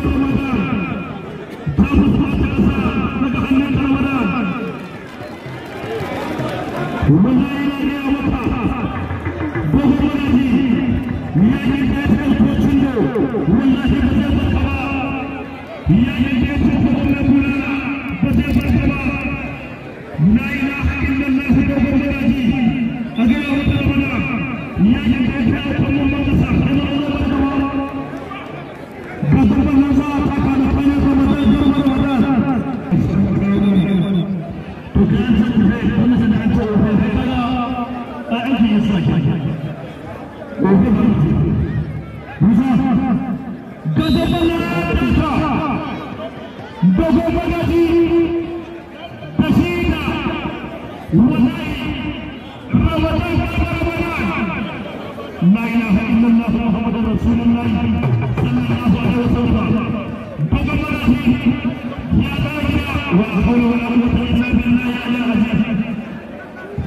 Thank you.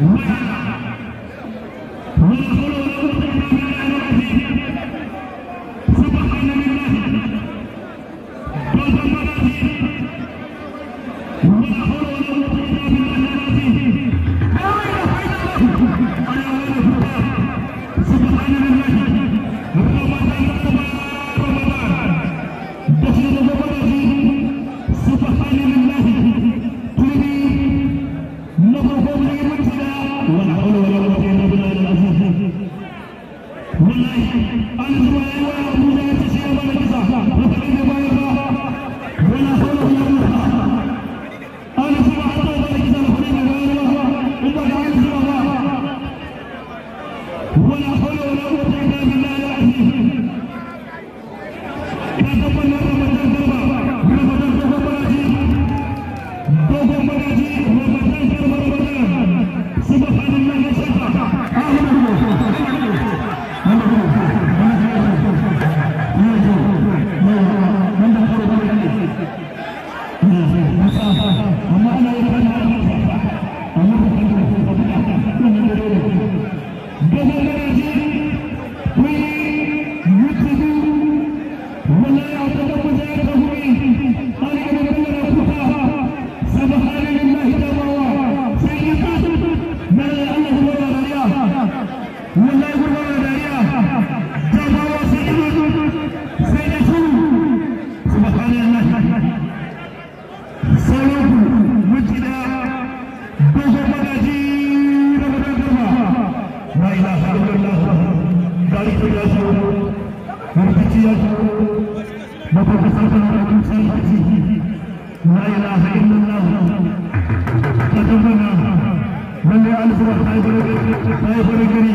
Wow. பயப்படுகிறேன்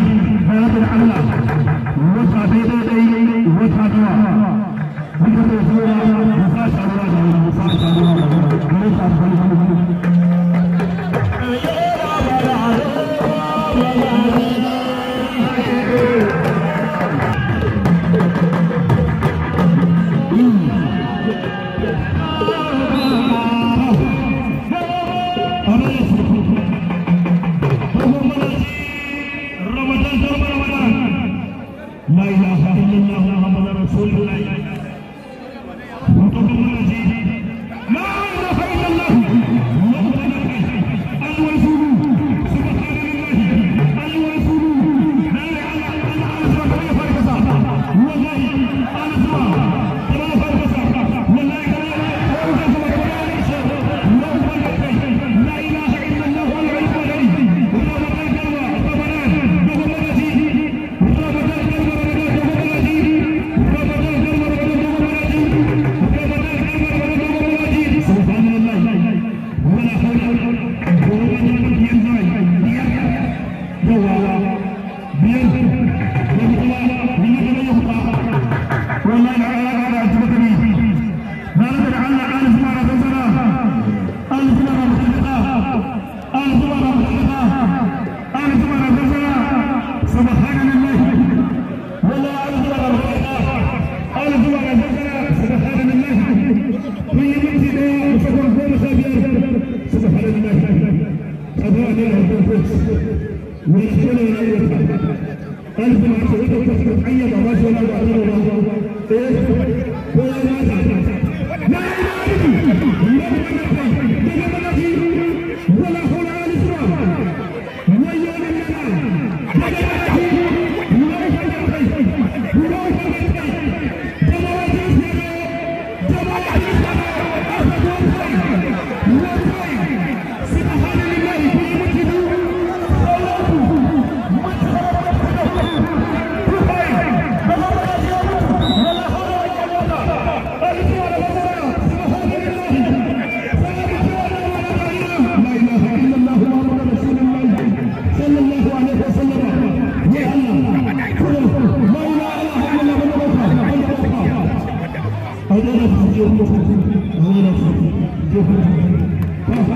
Thank you.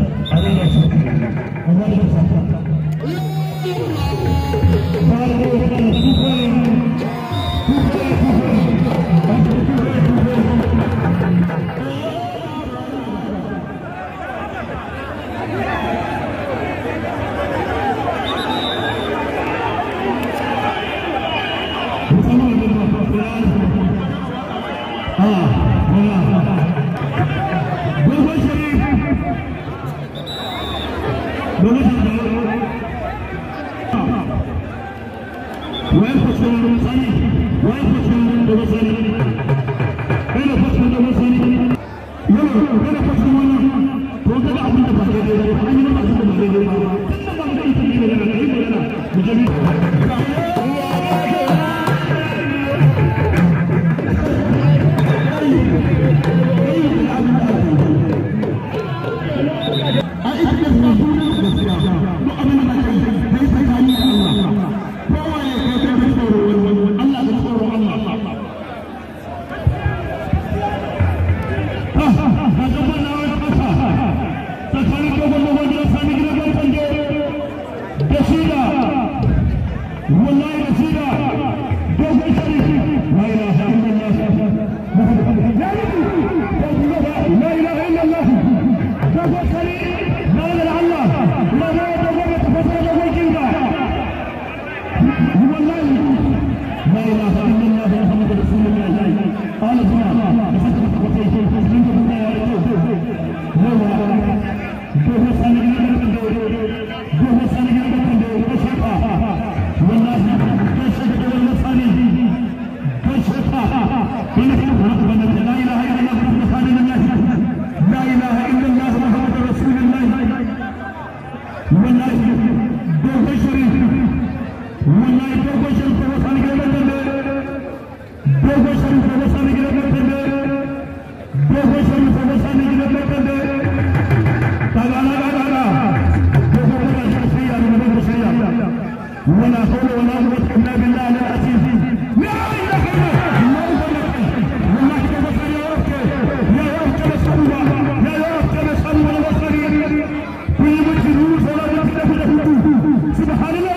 Hallelujah.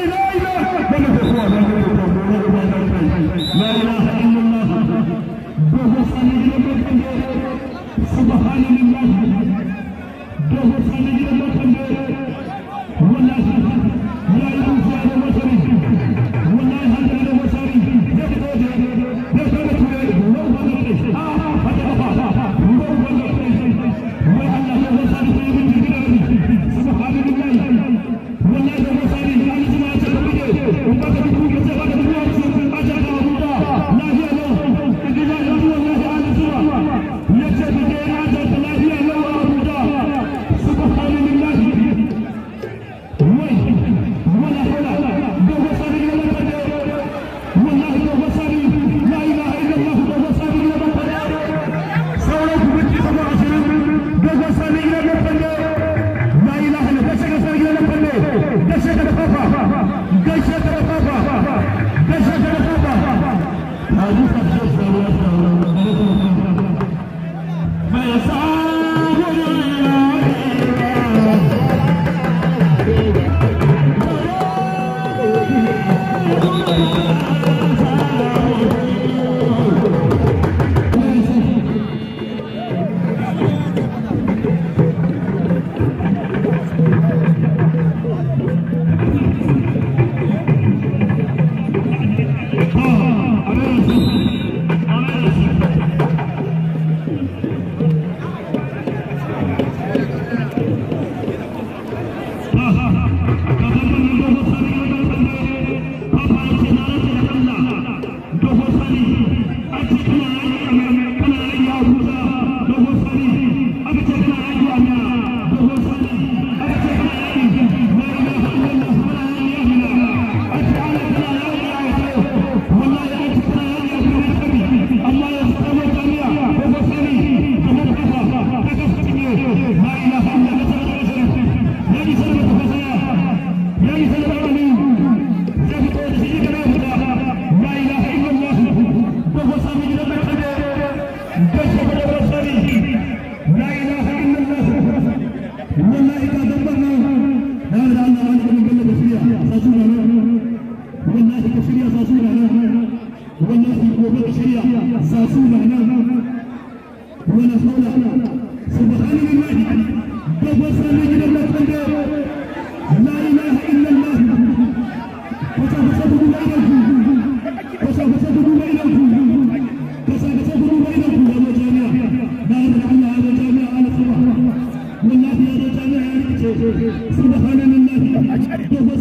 सुभान अल्लाह अच्छा तो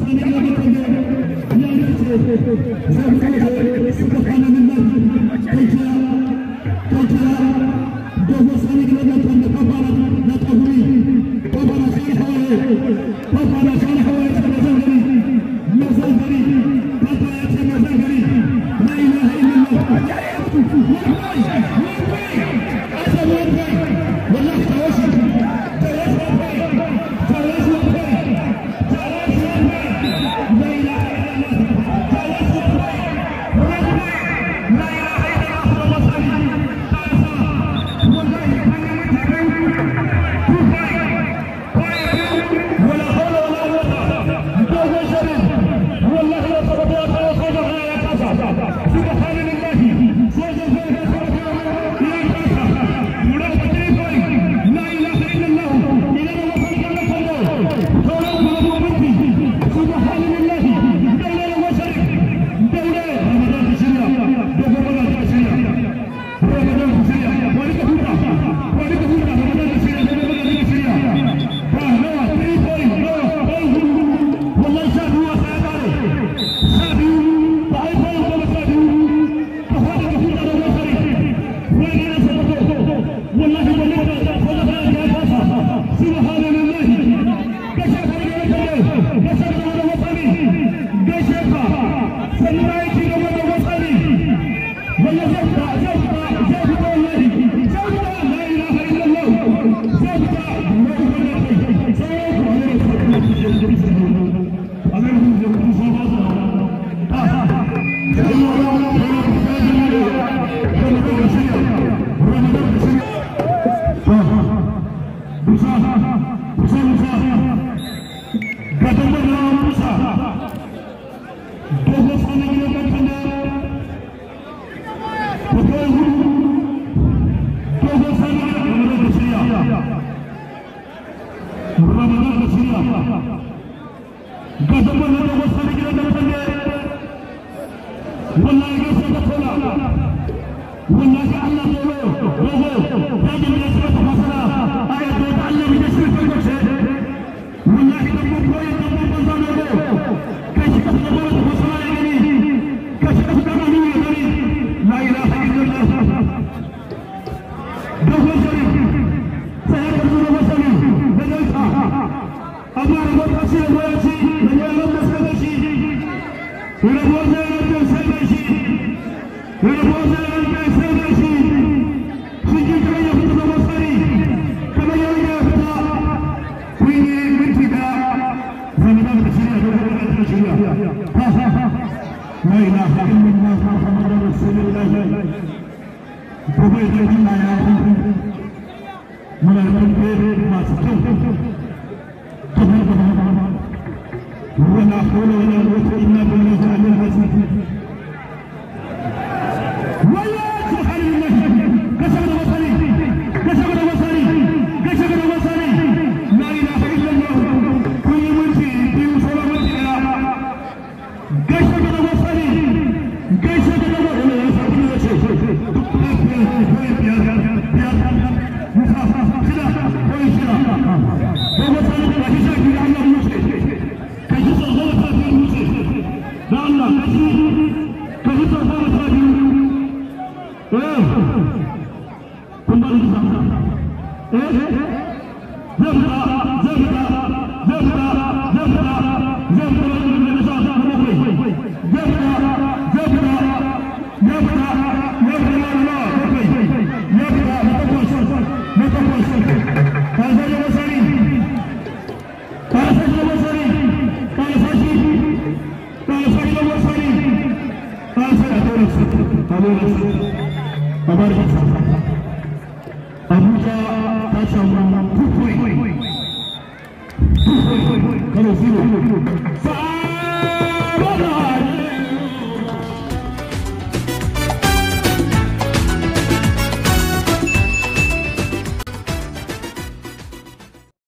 सुभान अल्लाह لا اله الا الله محمد رسول الله بوبيت الذين يا مراكم بير ماسكو ولا حول ولا قوه الا بالله العلي العظيم ويا سبحان الله Hmm.